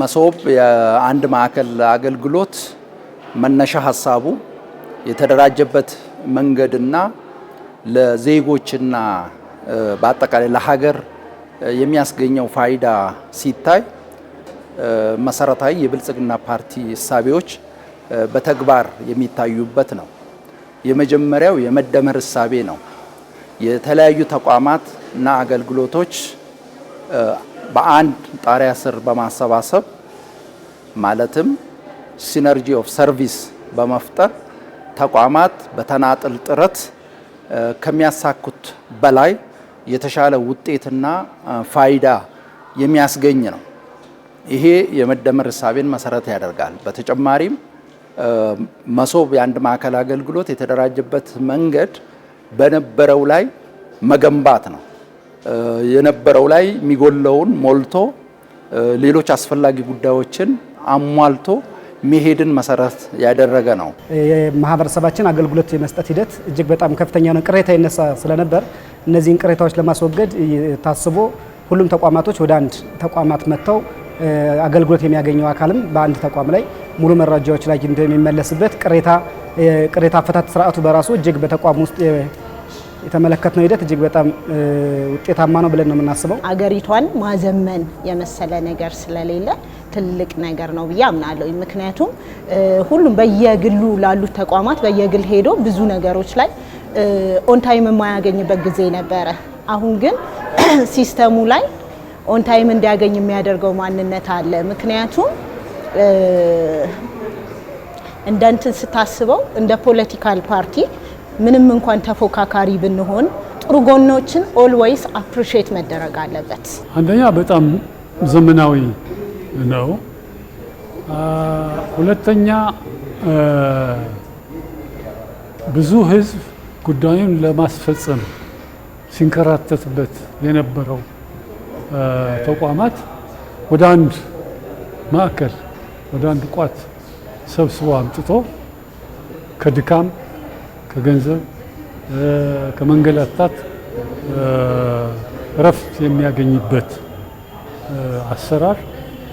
መሶብ የአንድ ማዕከል አገልግሎት መነሻ ሀሳቡ የተደራጀበት መንገድና ለዜጎችና በአጠቃላይ ለሀገር የሚያስገኘው ፋይዳ ሲታይ መሰረታዊ የብልጽግና ፓርቲ እሳቤዎች በተግባር የሚታዩበት ነው። የመጀመሪያው የመደመር እሳቤ ነው። የተለያዩ ተቋማት እና አገልግሎቶች በአንድ ጣሪያ ስር በማሰባሰብ ማለትም ሲነርጂ ኦፍ ሰርቪስ በመፍጠር ተቋማት በተናጥል ጥረት ከሚያሳኩት በላይ የተሻለ ውጤትና ፋይዳ የሚያስገኝ ነው። ይሄ የመደመር እሳቤን መሰረት ያደርጋል። በተጨማሪም መሶብ የአንድ ማዕከል አገልግሎት የተደራጀበት መንገድ በነበረው ላይ መገንባት ነው። የነበረው ላይ የሚጎለውን ሞልቶ ሌሎች አስፈላጊ ጉዳዮችን አሟልቶ መሄድን መሰረት ያደረገ ነው። የማህበረሰባችን አገልግሎት የመስጠት ሂደት እጅግ በጣም ከፍተኛ ነው። ቅሬታ ይነሳ ስለነበር እነዚህን ቅሬታዎች ለማስወገድ ታስቦ ሁሉም ተቋማቶች ወደ አንድ ተቋማት መጥተው አገልግሎት የሚያገኘው አካልም በአንድ ተቋም ላይ ሙሉ መረጃዎች ላይ ቅሬታ ቅሬታ አፈታት ስርዓቱ በራሱ እጅግ በተቋም ውስጥ የተመለከትነው ሂደት እጅግ በጣም ውጤታማ ነው ብለን ነው የምናስበው። አገሪቷን ማዘመን የመሰለ ነገር ስለሌለ ትልቅ ነገር ነው ብዬ አምናለሁ። ምክንያቱም ሁሉም በየግሉ ላሉት ተቋማት በየግል ሄዶ ብዙ ነገሮች ላይ ኦንታይም የማያገኝበት ጊዜ ነበረ። አሁን ግን ሲስተሙ ላይ ኦንታይም እንዲያገኝ የሚያደርገው ማንነት አለ። ምክንያቱም እንደ እንትን ስታስበው እንደ ፖለቲካል ፓርቲ ምንም እንኳን ተፎካካሪ ብንሆን ጥሩ ጎኖችን ኦልዌይስ አፕሪሼት መደረግ አለበት። አንደኛ በጣም ዘመናዊ ነው። ሁለተኛ ብዙ ህዝብ ጉዳዩን ለማስፈጸም ሲንከራተትበት የነበረው ተቋማት ወደ አንድ ማዕከል ወደ አንድ ቋት ሰብስቦ አምጥቶ ከድካም ከገንዘብ ከመንገላታት እረፍት የሚያገኝበት አሰራር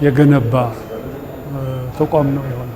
የገነባ ተቋም ነው የሆነ